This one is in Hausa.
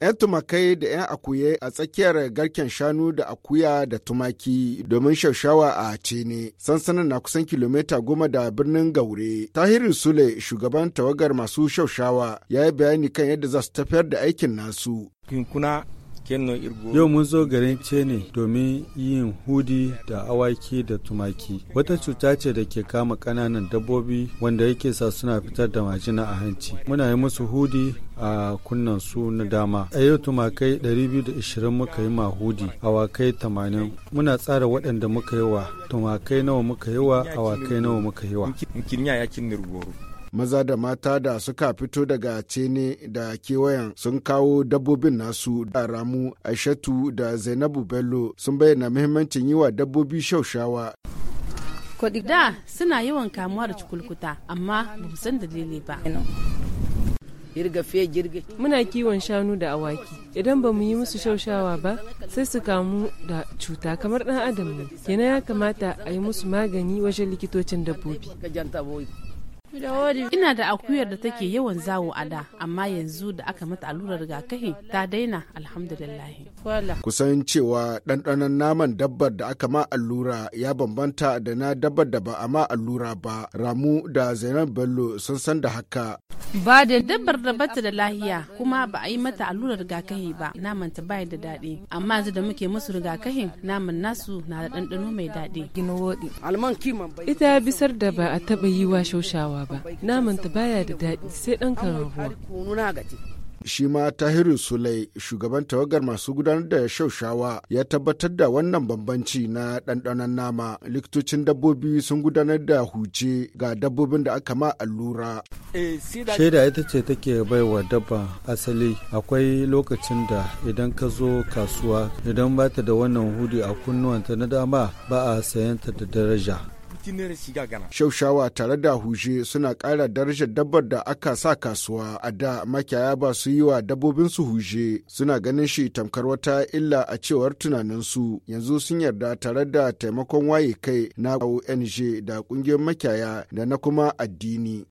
'yan tumakai da 'yan akuye a tsakiyar garken shanu da akuya da tumaki domin shaushawa a cene sansanin na kusan kilomita goma da birnin gaure tahiru sule shugaban tawagar masu shaushawa ya yi bayani kan yadda za su tafiyar da aikin nasu Yau mun zo garin Cene domin yin hudi da awaki da tumaki. Wata cuta ce da ke kama ƙananan dabbobi wanda yake sa suna fitar da majina a hanci. Muna yi musu hudi a kunnan su na dama. A yau tumakai 220 muka yi mahudi, awakai 80. Muna tsara waɗanda muka yi wa, tumakai nawa muka yi wa, awakai nawa muka yi wa. maza da mata da suka fito daga cene da kewayen sun kawo dabbobin nasu da ramu aishatu da zainabu bello sun bayyana muhimmancin yi wa dabbobi shaushawa da suna yawan kamuwa da cikulkuta amma ba san dalili ba muna kiwon shanu da awaki idan ba mu yi musu shaushawa ba sai su kamu da cuta kamar dan adam ne kenan ya kamata a yi musu magani wajen likitocin dabbobi Ina da akuyar da take yawan zawo a da, amma yanzu da aka mata allurar rigakafi ta daina alhamdulillahi. Kusan cewa ɗanɗanon naman dabbar da aka ma allura ya bambanta da na dabbar da ba a ma allura ba. Ramu da Zainab Bello sun san da haka. Ba da dabbar da bata da lahiya kuma ba a yi mata allurar rigakafi ba, naman ta bai da daɗi. Amma yanzu da muke musu rigakafi naman nasu na da ɗanɗano mai daɗi. Ita bisar da ba a taɓa yi wa shaushawa ba namanta baya da daɗi sai ɗan karahuwa shi ma tahiru sulai shugaban tawagar masu gudanar da shaushawa ya tabbatar da wannan bambanci na ɗanɗanon nama likitocin dabbobi sun gudanar da huce ga dabbobin da aka ma allura shaida ita ce take baiwa dabba asali akwai lokacin da idan ka zo kasuwa idan ba ta da wannan hudi a kunnuwanta na dama ba a sayanta da daraja Shaushawa tare da huje suna ƙara darajar dabbar da aka sa kasuwa a da makiyaya ba su yi wa dabbobin su huje suna ganin shi tamkar wata illa a cewar tunaninsu yanzu sun yarda tare da taimakon waye kai na ONG da ƙungiyar makiyaya da na kuma addini.